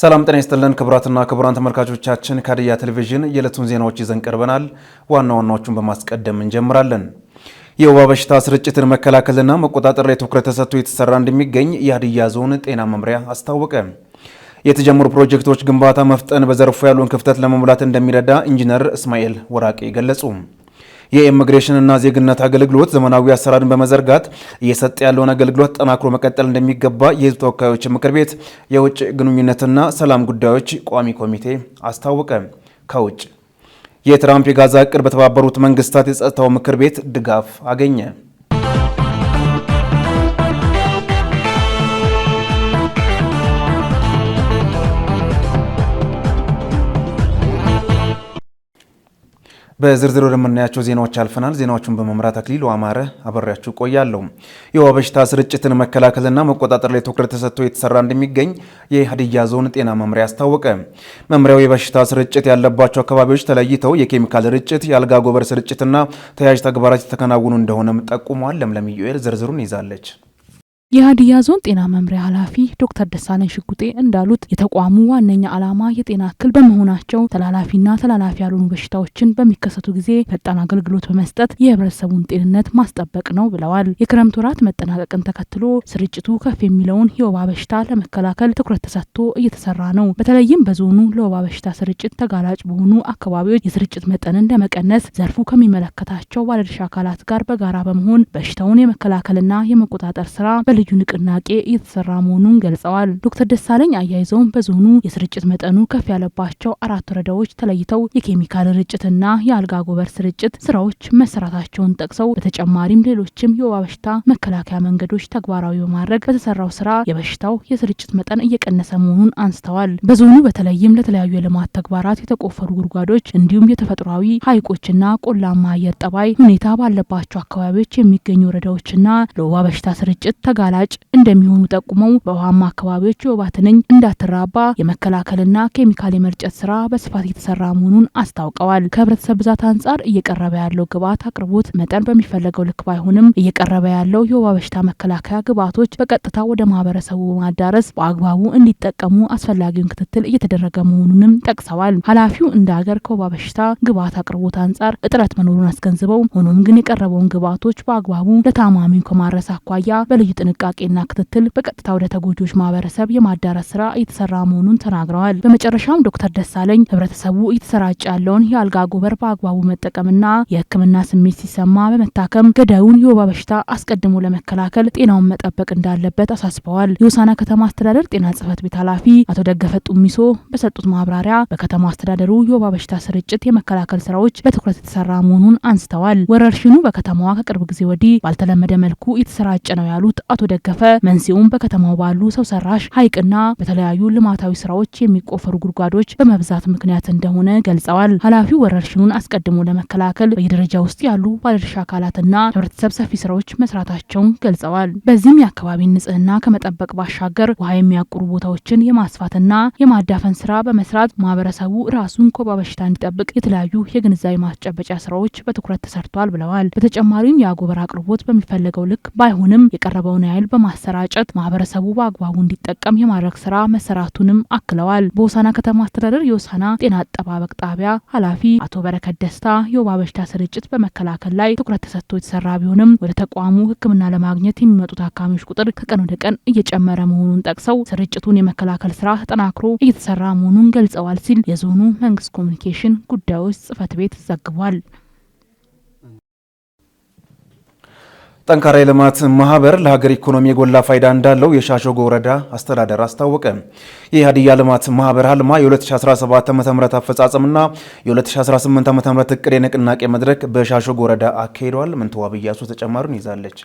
ሰላም ጤና ይስጥልን ክቡራትና ክቡራን ተመልካቾቻችን ከሀዲያ ቴሌቪዥን የዕለቱን ዜናዎች ይዘን ቀርበናል። ዋና ዋናዎቹን በማስቀደም እንጀምራለን። የወባ በሽታ ስርጭትን መከላከልና መቆጣጠር ላይ ትኩረት ተሰጥቶ የተሰራ እንደሚገኝ የሀዲያ ዞን ጤና መምሪያ አስታወቀ። የተጀመሩ ፕሮጀክቶች ግንባታ መፍጠን በዘርፉ ያሉን ክፍተት ለመሙላት እንደሚረዳ ኢንጂነር እስማኤል ወራቄ ገለጹ። የኢሚግሬሽንና ዜግነት አገልግሎት ዘመናዊ አሰራርን በመዘርጋት እየሰጠ ያለውን አገልግሎት ተጠናክሮ መቀጠል እንደሚገባ የህዝብ ተወካዮች ምክር ቤት የውጭ ግንኙነትና ሰላም ጉዳዮች ቋሚ ኮሚቴ አስታወቀ። ከውጭ የትራምፕ የጋዛ እቅድ በተባበሩት መንግስታት የጸጥታው ምክር ቤት ድጋፍ አገኘ። በዝርዝር ወደምናያቸው ዜናዎች አልፈናል። ዜናዎቹን በመምራት አክሊሉ አማረ አበሬያችሁ ቆያለሁ። የወባ በሽታ ስርጭትን መከላከልና መቆጣጠር ላይ ትኩረት ተሰጥቶ የተሰራ እንደሚገኝ የሀዲያ ዞን ጤና መምሪያ አስታወቀ። መምሪያው የበሽታ ስርጭት ያለባቸው አካባቢዎች ተለይተው የኬሚካል ርጭት፣ የአልጋ ጎበር ስርጭትና ተያያዥ ተግባራት የተከናወኑ እንደሆነም ጠቁሟል። ለምለም ዩኤል ዝርዝሩን ይዛለች። የሀዲያ ዞን ጤና መምሪያ ኃላፊ ዶክተር ደሳለኝ ሽጉጤ እንዳሉት የተቋሙ ዋነኛ ዓላማ የጤና እክል በመሆናቸው ተላላፊና ተላላፊ ያልሆኑ በሽታዎችን በሚከሰቱ ጊዜ ፈጣን አገልግሎት በመስጠት የህብረተሰቡን ጤንነት ማስጠበቅ ነው ብለዋል። የክረምት ወራት መጠናቀቅን ተከትሎ ስርጭቱ ከፍ የሚለውን የወባ በሽታ ለመከላከል ትኩረት ተሰጥቶ እየተሰራ ነው። በተለይም በዞኑ ለወባ በሽታ ስርጭት ተጋላጭ በሆኑ አካባቢዎች የስርጭት መጠንን ለመቀነስ ዘርፉ ከሚመለከታቸው ባለድርሻ አካላት ጋር በጋራ በመሆን በሽታውን የመከላከልና የመቆጣጠር ስራ በልዩ ንቅናቄ እየተሰራ መሆኑን ገልጸዋል። ዶክተር ደሳለኝ አያይዘውም በዞኑ የስርጭት መጠኑ ከፍ ያለባቸው አራት ወረዳዎች ተለይተው የኬሚካል ርጭትና የአልጋ ጎበር ስርጭት ስራዎች መሰራታቸውን ጠቅሰው በተጨማሪም ሌሎችም የወባ በሽታ መከላከያ መንገዶች ተግባራዊ በማድረግ በተሰራው ስራ የበሽታው የስርጭት መጠን እየቀነሰ መሆኑን አንስተዋል። በዞኑ በተለይም ለተለያዩ የልማት ተግባራት የተቆፈሩ ጉድጓዶች እንዲሁም የተፈጥሯዊ ሐይቆችና ቆላማ አየር ጠባይ ሁኔታ ባለባቸው አካባቢዎች የሚገኙ ወረዳዎችና ለወባ በሽታ ስርጭት ተጋ ተጋላጭ እንደሚሆኑ ጠቁመው በውሃማ አካባቢዎች የወባ ትንኝ እንዳትራባ የመከላከልና ኬሚካል የመርጨት ስራ በስፋት የተሰራ መሆኑን አስታውቀዋል። ከህብረተሰብ ብዛት አንጻር እየቀረበ ያለው ግብዓት አቅርቦት መጠን በሚፈለገው ልክ ባይሆንም እየቀረበ ያለው የወባ በሽታ መከላከያ ግብዓቶች በቀጥታ ወደ ማህበረሰቡ በማዳረስ በአግባቡ እንዲጠቀሙ አስፈላጊውን ክትትል እየተደረገ መሆኑንም ጠቅሰዋል። ኃላፊው እንደ ሀገር ከወባ በሽታ ግብዓት አቅርቦት አንጻር እጥረት መኖሩን አስገንዝበው ሆኖም ግን የቀረበውን ግብዓቶች በአግባቡ ለታማሚው ከማድረስ አኳያ በልዩ ጥንቃ ጥንቃቄና ክትትል በቀጥታ ወደ ተጎጂዎች ማህበረሰብ የማዳረስ ስራ እየተሰራ መሆኑን ተናግረዋል። በመጨረሻም ዶክተር ደሳለኝ ህብረተሰቡ እየተሰራጨ ያለውን የአልጋ ጎበር በአግባቡ መጠቀምና የህክምና ስሜት ሲሰማ በመታከም ገዳዩን የወባ በሽታ አስቀድሞ ለመከላከል ጤናውን መጠበቅ እንዳለበት አሳስበዋል። የውሳና ከተማ አስተዳደር ጤና ጽህፈት ቤት ኃላፊ አቶ ደገፈ ጡሚሶ በሰጡት ማብራሪያ በከተማ አስተዳደሩ የወባ በሽታ ስርጭት የመከላከል ስራዎች በትኩረት የተሰራ መሆኑን አንስተዋል። ወረርሽኑ በከተማዋ ከቅርብ ጊዜ ወዲህ ባልተለመደ መልኩ የተሰራጨ ነው ያሉት አቶ ደገፈ። መንስኤውም በከተማው ባሉ ሰው ሰራሽ ሐይቅና በተለያዩ ልማታዊ ስራዎች የሚቆፈሩ ጉድጓዶች በመብዛት ምክንያት እንደሆነ ገልጸዋል። ኃላፊው ወረርሽኑን አስቀድሞ ለመከላከል በየደረጃ ውስጥ ያሉ ባለድርሻ አካላትና ህብረተሰብ ሰፊ ስራዎች መስራታቸውን ገልጸዋል። በዚህም የአካባቢን ንጽህና ከመጠበቅ ባሻገር ውሃ የሚያቁሩ ቦታዎችን የማስፋትና የማዳፈን ስራ በመስራት ማህበረሰቡ ራሱን ኮባ በሽታ እንዲጠብቅ የተለያዩ የግንዛቤ ማስጨበጫ ስራዎች በትኩረት ተሰርቷል ብለዋል። በተጨማሪም የአጎበር አቅርቦት በሚፈለገው ልክ ባይሆንም የቀረበውን ኃይል በማሰራጨት ማህበረሰቡ በአግባቡ እንዲጠቀም የማድረግ ስራ መሰራቱንም አክለዋል። በሆሳና ከተማ አስተዳደር የሆሳና ጤና አጠባበቅ ጣቢያ ኃላፊ አቶ በረከት ደስታ የወባ በሽታ ስርጭት በመከላከል ላይ ትኩረት ተሰጥቶ የተሰራ ቢሆንም ወደ ተቋሙ ሕክምና ለማግኘት የሚመጡ ታካሚዎች ቁጥር ከቀን ወደ ቀን እየጨመረ መሆኑን ጠቅሰው ስርጭቱን የመከላከል ስራ ተጠናክሮ እየተሰራ መሆኑን ገልጸዋል ሲል የዞኑ መንግስት ኮሚኒኬሽን ጉዳዮች ጽህፈት ቤት ዘግቧል። ጠንካራ የልማት ማህበር ለሀገር ኢኮኖሚ የጎላ ፋይዳ እንዳለው የሻሸጎ ወረዳ አስተዳደር አስታወቀ። የሀዲያ ልማት ማህበር ሀልማ የ2017 ም አፈጻጸምና የ2018 ም እቅድ የንቅናቄ መድረክ በሻሸጎ ወረዳ አካሂደዋል። ምንተዋብ እያሱ ተጨማሪን ይዛለች።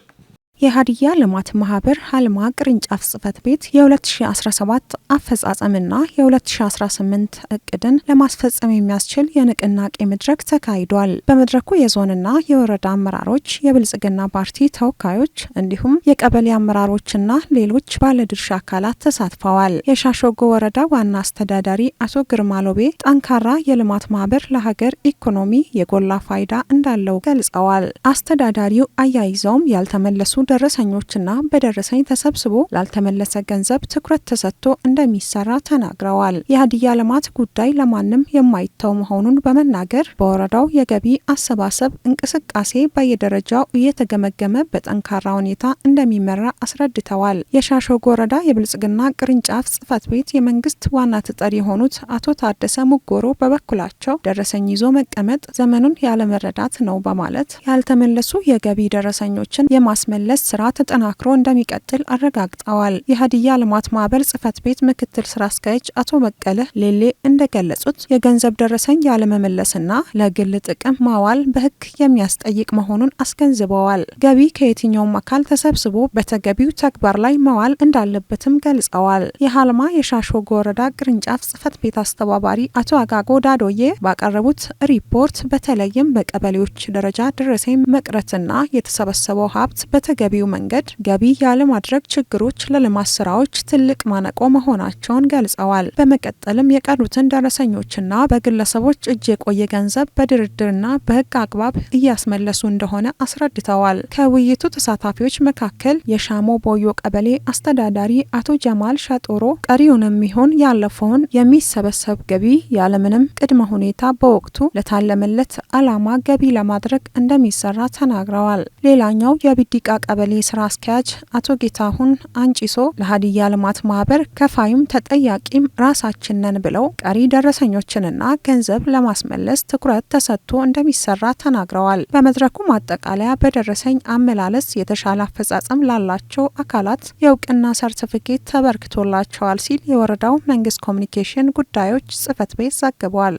የሀዲያ ልማት ማህበር ሀልማ ቅርንጫፍ ጽህፈት ቤት የ2017 አፈጻጸምና የ2018 እቅድን ለማስፈጸም የሚያስችል የንቅናቄ መድረክ ተካሂዷል። በመድረኩ የዞንና የወረዳ አመራሮች፣ የብልጽግና ፓርቲ ተወካዮች እንዲሁም የቀበሌ አመራሮችና ሌሎች ባለድርሻ አካላት ተሳትፈዋል። የሻሾጎ ወረዳ ዋና አስተዳዳሪ አቶ ግርማ ሎቤ ጠንካራ የልማት ማህበር ለሀገር ኢኮኖሚ የጎላ ፋይዳ እንዳለው ገልጸዋል። አስተዳዳሪው አያይዘውም ያልተመለሱ ደረሰኞችና በደረሰኝ ተሰብስቦ ላልተመለሰ ገንዘብ ትኩረት ተሰጥቶ እንደሚሰራ ተናግረዋል። የሀዲያ ልማት ጉዳይ ለማንም የማይተው መሆኑን በመናገር በወረዳው የገቢ አሰባሰብ እንቅስቃሴ በየደረጃው እየተገመገመ በጠንካራ ሁኔታ እንደሚመራ አስረድተዋል። የሻሾጎ ወረዳ የብልጽግና ቅርንጫፍ ጽህፈት ቤት የመንግስት ዋና ተጠሪ የሆኑት አቶ ታደሰ ሙጎሮ በበኩላቸው ደረሰኝ ይዞ መቀመጥ ዘመኑን ያለመረዳት ነው በማለት ያልተመለሱ የገቢ ደረሰኞችን የማስመለ የመመለስ ስራ ተጠናክሮ እንደሚቀጥል አረጋግጠዋል። የሀዲያ ልማት ማህበር ጽህፈት ቤት ምክትል ስራ አስኪያጅ አቶ በቀለ ሌሌ እንደገለጹት የገንዘብ ደረሰኝ ያለመመለስና ለግል ጥቅም ማዋል በህግ የሚያስጠይቅ መሆኑን አስገንዝበዋል። ገቢ ከየትኛውም አካል ተሰብስቦ በተገቢው ተግባር ላይ መዋል እንዳለበትም ገልጸዋል። የሀልማ የሻሾጎ ወረዳ ቅርንጫፍ ጽህፈት ቤት አስተባባሪ አቶ አጋጎ ዳዶዬ ባቀረቡት ሪፖርት በተለይም በቀበሌዎች ደረጃ ደረሰኝ መቅረትና የተሰበሰበው ሀብት በተገ በተገቢው መንገድ ገቢ ያለማድረግ ችግሮች ለልማት ስራዎች ትልቅ ማነቆ መሆናቸውን ገልጸዋል። በመቀጠልም የቀሩትን ደረሰኞችና በግለሰቦች እጅ የቆየ ገንዘብ በድርድርና በህግ አግባብ እያስመለሱ እንደሆነ አስረድተዋል። ከውይይቱ ተሳታፊዎች መካከል የሻሞ ቦዮ ቀበሌ አስተዳዳሪ አቶ ጀማል ሸጦሮ ቀሪውን የሚሆን ያለፈውን የሚሰበሰብ ገቢ ያለምንም ቅድመ ሁኔታ በወቅቱ ለታለመለት አላማ ገቢ ለማድረግ እንደሚሰራ ተናግረዋል። ሌላኛው የቢዲቃ ቀበሌ ስራ አስኪያጅ አቶ ጌታሁን አንጪሶ ለሀዲያ ልማት ማህበር ከፋዩም ተጠያቂም ራሳችን ነን ብለው ቀሪ ደረሰኞችንና ገንዘብ ለማስመለስ ትኩረት ተሰጥቶ እንደሚሰራ ተናግረዋል። በመድረኩ ማጠቃለያ በደረሰኝ አመላለስ የተሻለ አፈጻጸም ላላቸው አካላት የእውቅና ሰርቲፊኬት ተበርክቶላቸዋል ሲል የወረዳው መንግስት ኮሚኒኬሽን ጉዳዮች ጽህፈት ቤት ዘግቧል።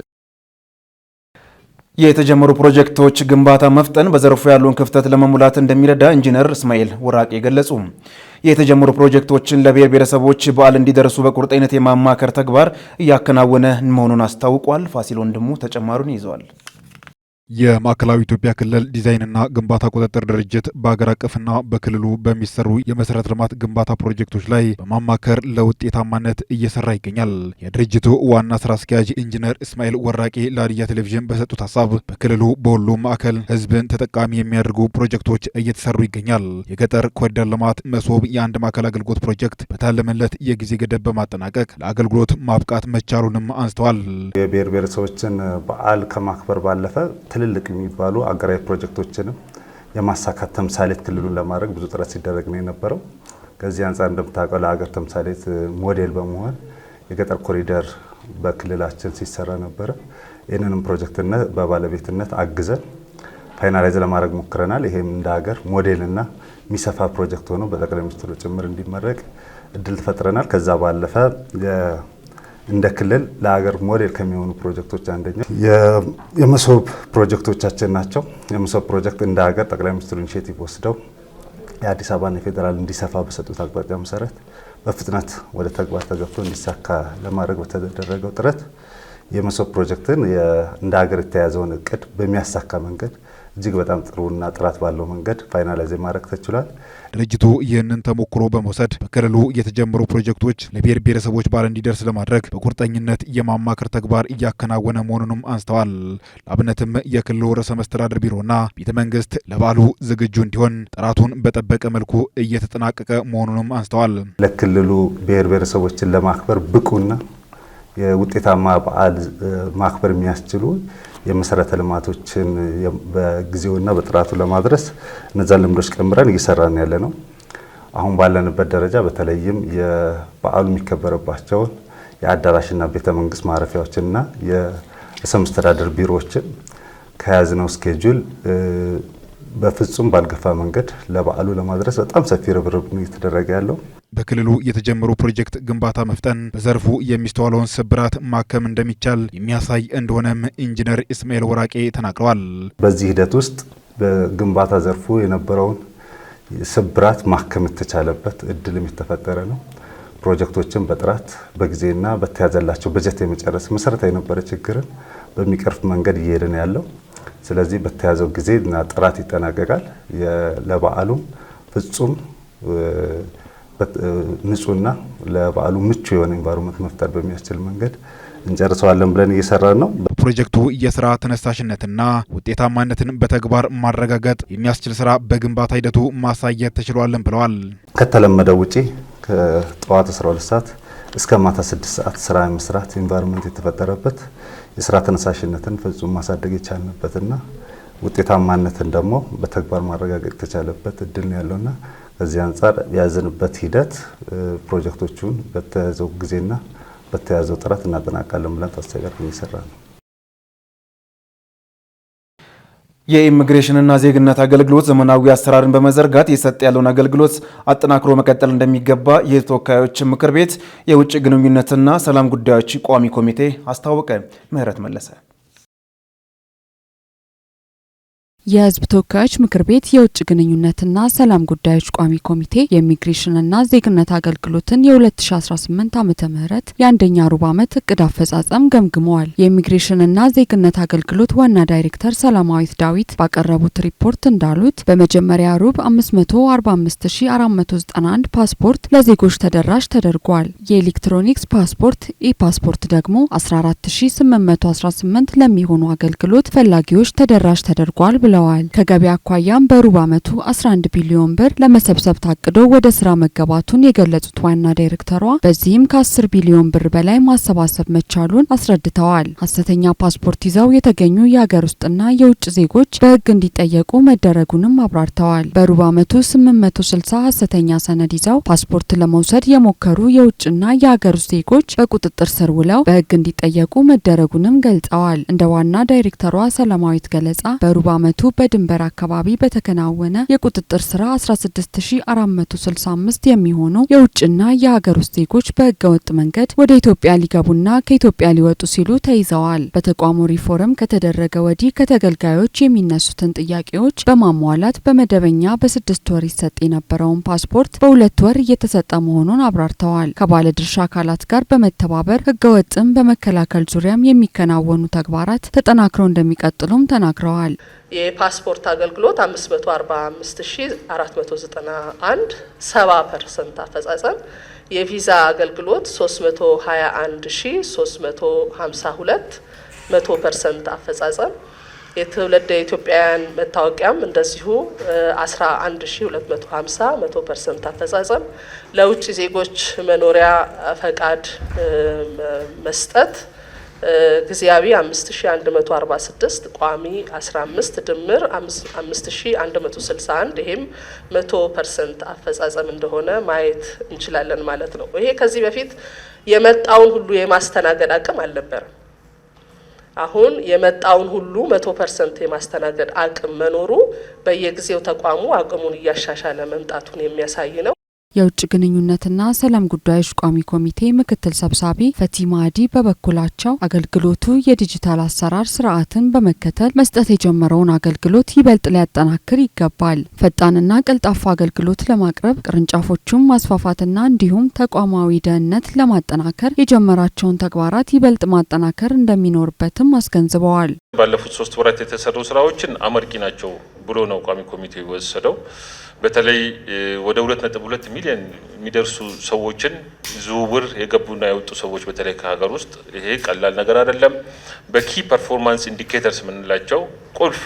የተጀመሩ ፕሮጀክቶች ግንባታ መፍጠን በዘርፉ ያለውን ክፍተት ለመሙላት እንደሚረዳ ኢንጂነር እስማኤል ወራቄ ገለጹ። የተጀመሩ ፕሮጀክቶችን ለብሔር ብሔረሰቦች በዓል እንዲደርሱ በቁርጠኝነት የማማከር ተግባር እያከናወነ መሆኑን አስታውቋል። ፋሲል ወንድሙ ተጨማሩን ይዘዋል። የማዕከላዊ ኢትዮጵያ ክልል ዲዛይንና ግንባታ ቁጥጥር ድርጅት በአገር አቀፍና በክልሉ በሚሰሩ የመሰረተ ልማት ግንባታ ፕሮጀክቶች ላይ በማማከር ለውጤታማነት እየሰራ ይገኛል። የድርጅቱ ዋና ስራ አስኪያጅ ኢንጂነር እስማኤል ወራቄ ለሀዲያ ቴሌቪዥን በሰጡት ሀሳብ በክልሉ በሁሉ ማዕከል ሕዝብን ተጠቃሚ የሚያደርጉ ፕሮጀክቶች እየተሰሩ ይገኛል። የገጠር ኮሪደር ልማት መሶብ የአንድ ማዕከል አገልግሎት ፕሮጀክት በታለመለት የጊዜ ገደብ በማጠናቀቅ ለአገልግሎት ማብቃት መቻሉንም አንስተዋል። የብሔር ብሔረሰቦችን በዓል ከማክበር ባለፈ ትልልቅ የሚባሉ አገራዊ ፕሮጀክቶችንም የማሳካት ተምሳሌት ክልሉን ለማድረግ ብዙ ጥረት ሲደረግ ነው የነበረው። ከዚህ አንጻር እንደምታውቀው ለሀገር ተምሳሌት ሞዴል በመሆን የገጠር ኮሪደር በክልላችን ሲሰራ ነበረ። ይህንንም ፕሮጀክትነት በባለቤትነት አግዘን ፋይናላይዝ ለማድረግ ሞክረናል። ይሄም እንደ ሀገር ሞዴልና የሚሰፋ ፕሮጀክት ሆኖ በጠቅላይ ሚኒስትሩ ጭምር እንዲመረቅ እድል ትፈጥረናል ከዛ ባለፈ እንደ ክልል ለሀገር ሞዴል ከሚሆኑ ፕሮጀክቶች አንደኛው የመሶብ ፕሮጀክቶቻችን ናቸው። የመሶብ ፕሮጀክት እንደ ሀገር ጠቅላይ ሚኒስትሩ ኢኒሼቲቭ ወስደው የአዲስ አበባና የፌዴራል እንዲሰፋ በሰጡት አቅጣጫ መሰረት በፍጥነት ወደ ተግባር ተገብቶ እንዲሳካ ለማድረግ በተደረገው ጥረት የመሶብ ፕሮጀክትን እንደ ሀገር የተያዘውን እቅድ በሚያሳካ መንገድ እጅግ በጣም ጥሩና ጥራት ባለው መንገድ ፋይናላይዝ ማድረግ ተችሏል። ድርጅቱ ይህንን ተሞክሮ በመውሰድ በክልሉ የተጀመሩ ፕሮጀክቶች ለብሔር ብሔረሰቦች ባል እንዲደርስ ለማድረግ በቁርጠኝነት የማማከር ተግባር እያከናወነ መሆኑንም አንስተዋል። ለአብነትም የክልሉ ርዕሰ መስተዳድር ቢሮና ቤተ መንግስት ለበዓሉ ዝግጁ እንዲሆን ጥራቱን በጠበቀ መልኩ እየተጠናቀቀ መሆኑንም አንስተዋል። ለክልሉ ብሔር ብሔረሰቦችን ለማክበር ብቁና የውጤታማ በዓል ማክበር የሚያስችሉ የመሰረተ ልማቶችን በጊዜውና በጥራቱ ለማድረስ እነዛን ልምዶች ቀምረን እየሰራን ያለ ነው። አሁን ባለንበት ደረጃ በተለይም የበዓሉ የሚከበረባቸውን የአዳራሽና ቤተ መንግስት ማረፊያዎችንና የርዕሰ መስተዳድር ቢሮዎችን ከያዝነው ስኬጁል በፍጹም ባልገፋ መንገድ ለበዓሉ ለማድረስ በጣም ሰፊ ርብርብ ነው እየተደረገ ያለው። በክልሉ የተጀመሩ ፕሮጀክት ግንባታ መፍጠን፣ በዘርፉ የሚስተዋለውን ስብራት ማከም እንደሚቻል የሚያሳይ እንደሆነም ኢንጂነር እስማኤል ወራቄ ተናግረዋል። በዚህ ሂደት ውስጥ በግንባታ ዘርፉ የነበረውን ስብራት ማከም የተቻለበት እድልም የተፈጠረ ነው። ፕሮጀክቶችን በጥራት በጊዜና በተያዘላቸው በጀት የመጨረስ መሰረታዊ የነበረ ችግርን በሚቀርፍ መንገድ እየሄድን ያለው ስለዚህ በተያዘው ጊዜና ጥራት ይጠናቀቃል። ለበዓሉም ፍጹም ንጹህና ለበዓሉ ምቹ የሆነ ኤንቫይሮንመንት መፍጠር በሚያስችል መንገድ እንጨርሰዋለን ብለን እየሰራን ነው። በፕሮጀክቱ የስራ ተነሳሽነትና ውጤታማነትን በተግባር ማረጋገጥ የሚያስችል ስራ በግንባታ ሂደቱ ማሳየት ተችሏለን ብለዋል። ከተለመደው ውጪ ከጠዋት 12 ሰዓት እስከ ማታ 6 ሰዓት ስራ የመስራት ኤንቫይሮንመንት የተፈጠረበት የስራ ተነሳሽነትን ፍጹም ማሳደግ የቻልንበትና ውጤታማነትን ደግሞ በተግባር ማረጋገጥ የተቻለበት እድል ነው ያለውና ከዚህ አንጻር የያዝንበት ሂደት ፕሮጀክቶቹን በተያዘው ጊዜና በተያዘው ጥረት እናጠናቃለን ብለን ታሳቢ አድርገን ነው። የኢሚግሬሽንና ዜግነት አገልግሎት ዘመናዊ አሰራርን በመዘርጋት እየሰጠ ያለውን አገልግሎት አጠናክሮ መቀጠል እንደሚገባ የሕዝብ ተወካዮች ምክር ቤት የውጭ ግንኙነትና ሰላም ጉዳዮች ቋሚ ኮሚቴ አስታወቀ። ምህረት መለሰ የሕዝብ ተወካዮች ምክር ቤት የውጭ ግንኙነትና ሰላም ጉዳዮች ቋሚ ኮሚቴ የኢሚግሬሽንና ዜግነት አገልግሎትን የ2018 ዓ ም የአንደኛ ሩብ ዓመት እቅድ አፈጻጸም ገምግመዋል። የኢሚግሬሽንና ዜግነት አገልግሎት ዋና ዳይሬክተር ሰላማዊት ዳዊት ባቀረቡት ሪፖርት እንዳሉት በመጀመሪያ ሩብ 545491 ፓስፖርት ለዜጎች ተደራሽ ተደርጓል። የኤሌክትሮኒክስ ፓስፖርት ኢፓስፖርት ደግሞ 14818 ለሚሆኑ አገልግሎት ፈላጊዎች ተደራሽ ተደርጓል ብለዋል። ብለዋል። ከገቢ አኳያም በሩብ ዓመቱ 11 ቢሊዮን ብር ለመሰብሰብ ታቅዶ ወደ ስራ መገባቱን የገለጹት ዋና ዳይሬክተሯ በዚህም ከ10 ቢሊዮን ብር በላይ ማሰባሰብ መቻሉን አስረድተዋል። ሐሰተኛ ፓስፖርት ይዘው የተገኙ የሀገር ውስጥና የውጭ ዜጎች በህግ እንዲጠየቁ መደረጉንም አብራርተዋል። በሩብ ዓመቱ 860 ሐሰተኛ ሰነድ ይዘው ፓስፖርት ለመውሰድ የሞከሩ የውጭና የሀገር ውስጥ ዜጎች በቁጥጥር ስር ውለው በህግ እንዲጠየቁ መደረጉንም ገልጸዋል። እንደ ዋና ዳይሬክተሯ ሰላማዊት ገለጻ በሩብ ዓመቱ በድንበር አካባቢ በተከናወነ የቁጥጥር ስራ 16465 የሚሆኑ የውጭና የሀገር ውስጥ ዜጎች በህገወጥ መንገድ ወደ ኢትዮጵያ ሊገቡና ከኢትዮጵያ ሊወጡ ሲሉ ተይዘዋል። በተቋሙ ሪፎርም ከተደረገ ወዲህ ከተገልጋዮች የሚነሱትን ጥያቄዎች በማሟላት በመደበኛ በስድስት ወር ይሰጥ የነበረውን ፓስፖርት በሁለት ወር እየተሰጠ መሆኑን አብራርተዋል። ከባለድርሻ አካላት ጋር በመተባበር ህገወጥን በመከላከል ዙሪያም የሚከናወኑ ተግባራት ተጠናክረው እንደሚቀጥሉም ተናግረዋል። የፓስፖርት አገልግሎት 545491 ሰባ ፐርሰንት አፈጻጸም፣ የቪዛ አገልግሎት 321352 100 ፐርሰንት አፈጻጸም፣ የትውልደ ኢትዮጵያውያን መታወቂያም እንደዚሁ 11250 100 ፐርሰንት አፈጻጸም፣ ለውጭ ዜጎች መኖሪያ ፈቃድ መስጠት ጊዜያዊ 5146 ቋሚ 15 ድምር 5161 ይሄም 100 ፐርሰንት አፈጻጸም እንደሆነ ማየት እንችላለን ማለት ነው። ይሄ ከዚህ በፊት የመጣውን ሁሉ የማስተናገድ አቅም አልነበረም። አሁን የመጣውን ሁሉ መቶ ፐርሰንት የማስተናገድ አቅም መኖሩ በየጊዜው ተቋሙ አቅሙን እያሻሻለ መምጣቱን የሚያሳይ ነው። የውጭ ግንኙነትና ሰላም ጉዳዮች ቋሚ ኮሚቴ ምክትል ሰብሳቢ ፈቲማ አዲ በበኩላቸው አገልግሎቱ የዲጂታል አሰራር ስርዓትን በመከተል መስጠት የጀመረውን አገልግሎት ይበልጥ ሊያጠናክር ይገባል። ፈጣንና ቀልጣፋ አገልግሎት ለማቅረብ ቅርንጫፎቹን ማስፋፋትና እንዲሁም ተቋማዊ ደህንነት ለማጠናከር የጀመራቸውን ተግባራት ይበልጥ ማጠናከር እንደሚኖርበትም አስገንዝበዋል። ባለፉት ሶስት ወራት የተሰሩ ስራዎችን አመርቂ ናቸው ብሎ ነው ቋሚ ኮሚቴው የወሰደው። በተለይ ወደ ሁለት ነጥብ ሁለት ሚሊዮን የሚደርሱ ሰዎችን ዝውውር የገቡና የወጡ ሰዎች በተለይ ከሀገር ውስጥ ይሄ ቀላል ነገር አይደለም። በኪ ፐርፎርማንስ ኢንዲኬተርስ የምንላቸው ቁልፍ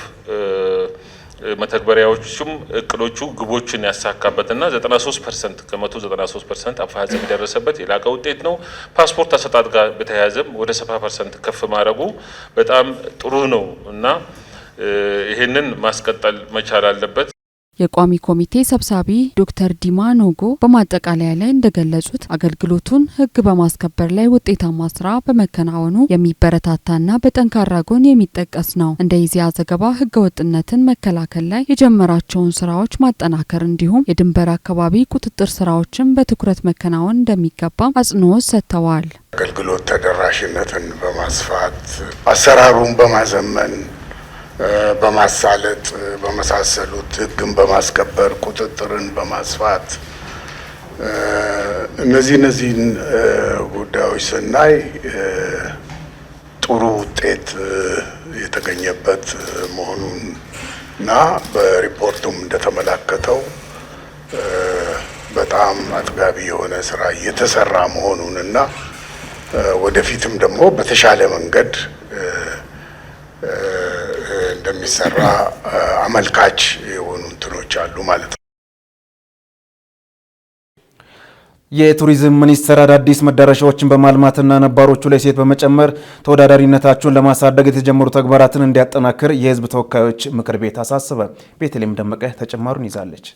መተግበሪያዎቹም እቅዶቹ ግቦችን ያሳካበትና 93 ፐርሰንት ከመቶ 93 ፐርሰንት አፈጻጸም የደረሰበት የላቀ ውጤት ነው። ፓስፖርት አሰጣጥ ጋር በተያያዘም ወደ 70 ፐርሰንት ከፍ ማድረጉ በጣም ጥሩ ነው እና ይህንን ማስቀጠል መቻል አለበት። የቋሚ ኮሚቴ ሰብሳቢ ዶክተር ዲማ ኖጎ በማጠቃለያ ላይ እንደገለጹት አገልግሎቱን ህግ በማስከበር ላይ ውጤታማ ስራ በመከናወኑ የሚበረታታና በጠንካራ ጎን የሚጠቀስ ነው። እንደ ኢዜአ ዘገባ ህገ ወጥነትን መከላከል ላይ የጀመራቸውን ስራዎች ማጠናከር እንዲሁም የድንበር አካባቢ ቁጥጥር ስራዎችን በትኩረት መከናወን እንደሚገባም አጽንኦት ሰጥተዋል። አገልግሎት ተደራሽነትን በማስፋት አሰራሩን በማዘመን በማሳለጥ በመሳሰሉት ህግን በማስከበር ቁጥጥርን በማስፋት እነዚህ እነዚህን ጉዳዮች ስናይ ጥሩ ውጤት የተገኘበት መሆኑን እና በሪፖርቱም እንደተመላከተው በጣም አጥጋቢ የሆነ ስራ እየተሰራ መሆኑን እና ወደፊትም ደግሞ በተሻለ መንገድ እንደሚሰራ አመልካች የሆኑ እንትኖች አሉ ማለት ነው። የቱሪዝም ሚኒስቴር አዳዲስ መዳረሻዎችን በማልማትና ነባሮቹ ላይ ሴት በመጨመር ተወዳዳሪነታቸውን ለማሳደግ የተጀመሩ ተግባራትን እንዲያጠናክር የሕዝብ ተወካዮች ምክር ቤት አሳሰበ። ቤተልሔም ደመቀ ተጨማሩን ይዛለች።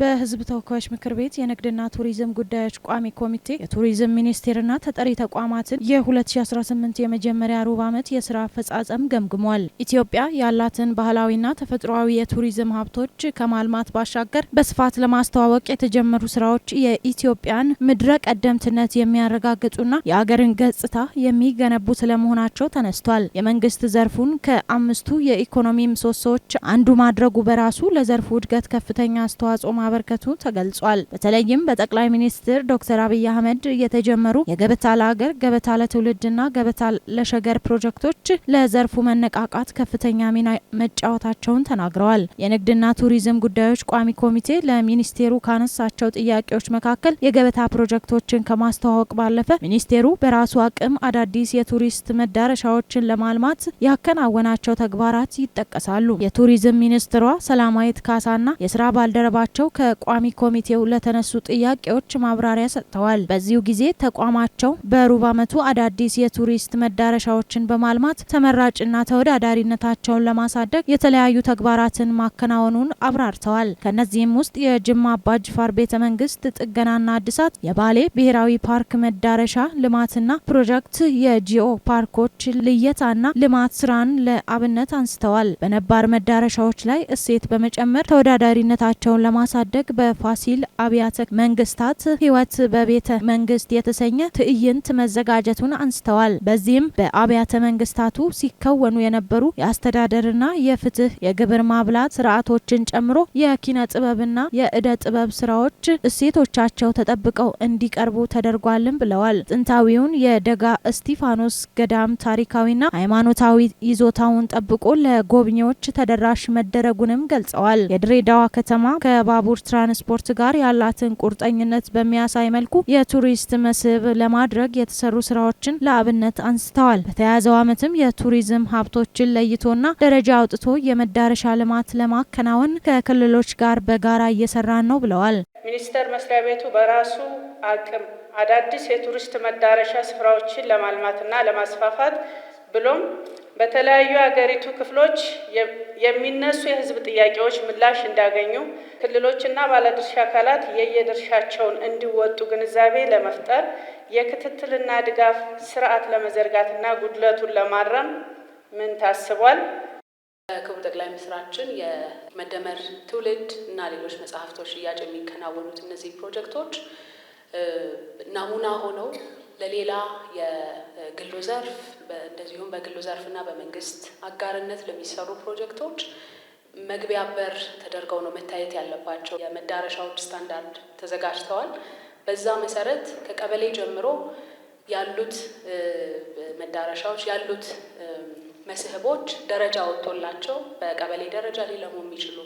በህዝብ ተወካዮች ምክር ቤት የንግድና ቱሪዝም ጉዳዮች ቋሚ ኮሚቴ የቱሪዝም ሚኒስቴርና ተጠሪ ተቋማትን የ2018 የመጀመሪያ ሩብ ዓመት የስራ አፈጻጸም ገምግሟል። ኢትዮጵያ ያላትን ባህላዊና ተፈጥሯዊ የቱሪዝም ሀብቶች ከማልማት ባሻገር በስፋት ለማስተዋወቅ የተጀመሩ ስራዎች የኢትዮጵያን ምድረ ቀደምትነት የሚያረጋግጡና የአገርን ገጽታ የሚገነቡ ስለመሆናቸው ተነስቷል። የመንግስት ዘርፉን ከአምስቱ የኢኮኖሚ ምሰሶዎች አንዱ ማድረጉ በራሱ ለዘርፉ እድገት ከፍተኛ አስተዋጽኦ ማበርከቱ ተገልጿል። በተለይም በጠቅላይ ሚኒስትር ዶክተር አብይ አህመድ የተጀመሩ የገበታ ለሀገር ገበታ ለትውልድና ገበታ ለሸገር ፕሮጀክቶች ለዘርፉ መነቃቃት ከፍተኛ ሚና መጫወታቸውን ተናግረዋል። የንግድና ቱሪዝም ጉዳዮች ቋሚ ኮሚቴ ለሚኒስቴሩ ካነሳቸው ጥያቄዎች መካከል የገበታ ፕሮጀክቶችን ከማስተዋወቅ ባለፈ ሚኒስቴሩ በራሱ አቅም አዳዲስ የቱሪስት መዳረሻዎችን ለማልማት ያከናወናቸው ተግባራት ይጠቀሳሉ። የቱሪዝም ሚኒስትሯ ሰላማዊት ካሳና የስራ ባልደረባቸው ከቋሚ ኮሚቴው ለተነሱ ጥያቄዎች ማብራሪያ ሰጥተዋል። በዚሁ ጊዜ ተቋማቸው በሩብ ዓመቱ አዳዲስ የቱሪስት መዳረሻዎችን በማልማት ተመራጭና ተወዳዳሪነታቸውን ለማሳደግ የተለያዩ ተግባራትን ማከናወኑን አብራርተዋል። ከእነዚህም ውስጥ የጅማ አባጅፋር ቤተ መንግስት ጥገናና አድሳት፣ የባሌ ብሔራዊ ፓርክ መዳረሻ ልማትና ፕሮጀክት፣ የጂኦ ፓርኮች ልየታና ልማት ስራን ለአብነት አንስተዋል። በነባር መዳረሻዎች ላይ እሴት በመጨመር ተወዳዳሪነታቸውን ለማሳደግ ለማሳደግ በፋሲል አብያተ መንግስታት ህይወት በቤተ መንግስት የተሰኘ ትዕይንት መዘጋጀቱን አንስተዋል። በዚህም በአብያተ መንግስታቱ ሲከወኑ የነበሩ የአስተዳደርና የፍትህ የግብር ማብላት ስርዓቶችን ጨምሮ የኪነ ጥበብና የእደ ጥበብ ስራዎች እሴቶቻቸው ተጠብቀው እንዲቀርቡ ተደርጓልም ብለዋል። ጥንታዊውን የደጋ እስቲፋኖስ ገዳም ታሪካዊና ሃይማኖታዊ ይዞታውን ጠብቆ ለጎብኚዎች ተደራሽ መደረጉንም ገልጸዋል። የድሬዳዋ ከተማ ከባቡ ከባቡር ትራንስፖርት ጋር ያላትን ቁርጠኝነት በሚያሳይ መልኩ የቱሪስት መስህብ ለማድረግ የተሰሩ ስራዎችን ለአብነት አንስተዋል። በተያያዘው ዓመትም የቱሪዝም ሀብቶችን ለይቶና ደረጃ አውጥቶ የመዳረሻ ልማት ለማከናወን ከክልሎች ጋር በጋራ እየሰራን ነው ብለዋል። ሚኒስቴር መስሪያ ቤቱ በራሱ አቅም አዳዲስ የቱሪስት መዳረሻ ስፍራዎችን ለማልማትና ለማስፋፋት ብሎም በተለያዩ የሀገሪቱ ክፍሎች የሚነሱ የህዝብ ጥያቄዎች ምላሽ እንዳገኙ ክልሎችና ባለድርሻ አካላት የየድርሻቸውን እንዲወጡ ግንዛቤ ለመፍጠር የክትትልና ድጋፍ ስርዓት ለመዘርጋትና ጉድለቱን ለማረም ምን ታስቧል? ክቡር ጠቅላይ ሚኒስትራችን የመደመር ትውልድ እና ሌሎች መጽሐፍቶች ሽያጭ የሚከናወኑት እነዚህ ፕሮጀክቶች ናሙና ሆነው ለሌላ የግሉ ዘርፍ እንደዚሁም በግሉ ዘርፍና በመንግስት አጋርነት ለሚሰሩ ፕሮጀክቶች መግቢያ በር ተደርገው ነው መታየት ያለባቸው። የመዳረሻዎች ስታንዳርድ ተዘጋጅተዋል። በዛ መሰረት ከቀበሌ ጀምሮ ያሉት መዳረሻዎች ያሉት መስህቦች ደረጃ ወጥቶላቸው በቀበሌ ደረጃ ሊለሙ የሚችሉ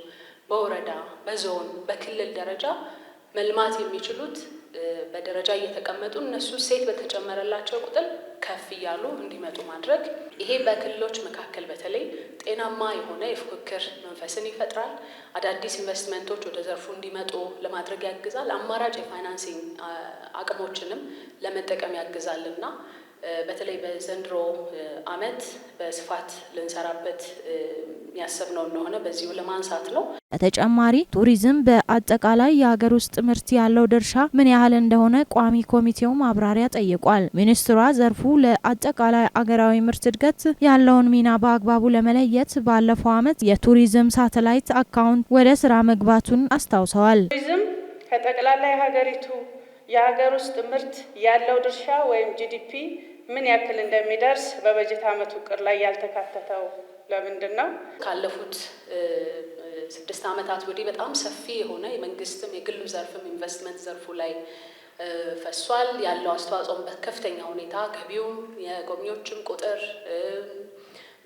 በወረዳ፣ በዞን፣ በክልል ደረጃ መልማት የሚችሉት በደረጃ እየተቀመጡ እነሱ ሴት በተጨመረላቸው ቁጥር ከፍ እያሉ እንዲመጡ ማድረግ። ይሄ በክልሎች መካከል በተለይ ጤናማ የሆነ የፉክክር መንፈስን ይፈጥራል። አዳዲስ ኢንቨስትመንቶች ወደ ዘርፉ እንዲመጡ ለማድረግ ያግዛል። አማራጭ የፋይናንሲንግ አቅሞችንም ለመጠቀም ያግዛል እና በተለይ በዘንድሮ ዓመት በስፋት ልንሰራበት ያሰብነው እንደሆነ በዚሁ ለማንሳት ነው። በተጨማሪ ቱሪዝም በአጠቃላይ የሀገር ውስጥ ምርት ያለው ድርሻ ምን ያህል እንደሆነ ቋሚ ኮሚቴው ማብራሪያ ጠይቋል። ሚኒስትሯ ዘርፉ ለአጠቃላይ አገራዊ ምርት እድገት ያለውን ሚና በአግባቡ ለመለየት ባለፈው ዓመት የቱሪዝም ሳተላይት አካውንት ወደ ስራ መግባቱን አስታውሰዋል። ቱሪዝም ከጠቅላላ ሀገሪቱ የሀገር ውስጥ ምርት ያለው ድርሻ ወይም ጂዲፒ ምን ያክል እንደሚደርስ በበጀት ዓመቱ ውቅር ላይ ያልተካተተው ለምንድን ነው ካለፉት ስድስት ዓመታት ወዲህ በጣም ሰፊ የሆነ የመንግስትም የግሉ ዘርፍም ኢንቨስትመንት ዘርፉ ላይ ፈሷል። ያለው አስተዋጽኦም በከፍተኛ ሁኔታ ገቢውም የጎብኚዎችም ቁጥር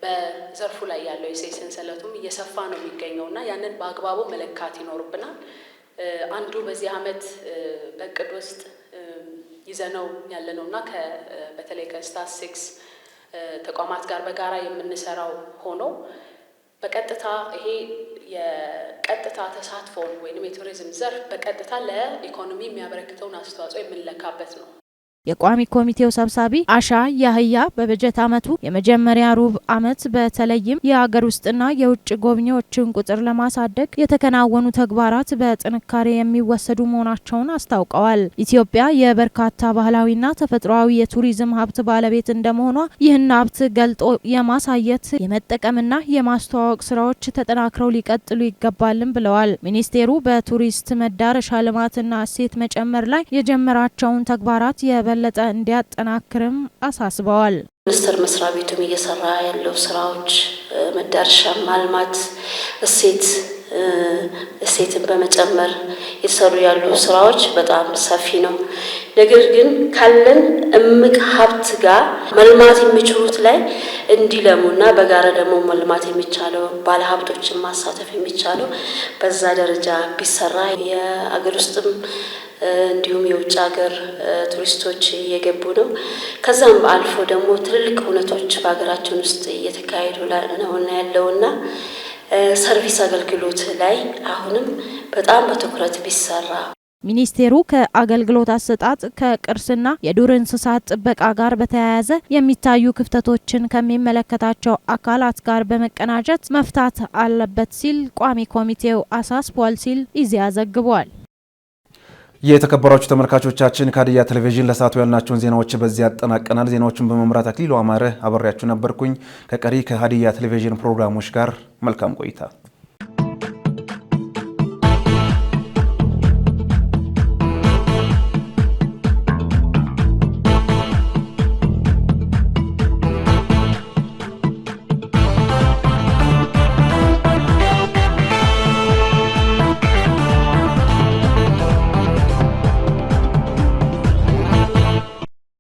በዘርፉ ላይ ያለው የእሴት ሰንሰለቱም እየሰፋ ነው የሚገኘው እና ያንን በአግባቡ መለካት ይኖርብናል። አንዱ በዚህ ዓመት በእቅድ ውስጥ ይዘነው ያለነው እና በተለይ ሴክስ ተቋማት ጋር በጋራ የምንሰራው ሆኖ በቀጥታ ይሄ የቀጥታ ተሳትፎን ወይም የቱሪዝም ዘርፍ በቀጥታ ለኢኮኖሚ የሚያበረክተውን አስተዋጽኦ የምንለካበት ነው። የቋሚ ኮሚቴው ሰብሳቢ አሻ ያህያ በበጀት ዓመቱ የመጀመሪያ ሩብ ዓመት በተለይም የሀገር ውስጥና የውጭ ጎብኚዎችን ቁጥር ለማሳደግ የተከናወኑ ተግባራት በጥንካሬ የሚወሰዱ መሆናቸውን አስታውቀዋል። ኢትዮጵያ የበርካታ ባህላዊና ተፈጥሯዊ የቱሪዝም ሀብት ባለቤት እንደመሆኗ ይህን ሀብት ገልጦ የማሳየት የመጠቀምና የማስተዋወቅ ስራዎች ተጠናክረው ሊቀጥሉ ይገባልም ብለዋል። ሚኒስቴሩ በቱሪስት መዳረሻ ልማትና እሴት መጨመር ላይ የጀመራቸውን ተግባራት የበ የበለጠ እንዲያጠናክርም አሳስበዋል። ሚኒስቴር መስሪያ ቤቱም እየሰራ ያለው ስራዎች መዳረሻ ማልማት እሴት እሴትን በመጨመር የተሰሩ ያሉ ስራዎች በጣም ሰፊ ነው። ነገር ግን ካለን እምቅ ሀብት ጋር መልማት የሚችሉት ላይ እንዲለሙና በጋራ ደግሞ መልማት የሚቻለው ባለሀብቶችን ማሳተፍ የሚቻለው በዛ ደረጃ ቢሰራ የአገር ውስጥም እንዲሁም የውጭ ሀገር ቱሪስቶች እየገቡ ነው። ከዛም አልፎ ደግሞ ትልልቅ እውነቶች በሀገራችን ውስጥ እየተካሄዱ ነው ያለውና ሰርቪስ አገልግሎት ላይ አሁንም በጣም በትኩረት ቢሰራ ሚኒስቴሩ ከአገልግሎት አሰጣጥ ከቅርስና የዱር እንስሳት ጥበቃ ጋር በተያያዘ የሚታዩ ክፍተቶችን ከሚመለከታቸው አካላት ጋር በመቀናጀት መፍታት አለበት ሲል ቋሚ ኮሚቴው አሳስቧል ሲል ኢዜአ ዘግቧል። የተከበራችሁ ተመልካቾቻችን ከሀዲያ ቴሌቪዥን ለሰዓቱ ያልናቸውን ዜናዎች በዚህ ያጠናቀናል። ዜናዎቹን በመምራት አክሊሉ አማረ አበሬያችሁ ነበርኩኝ። ከቀሪ ከሀዲያ ቴሌቪዥን ፕሮግራሞች ጋር መልካም ቆይታ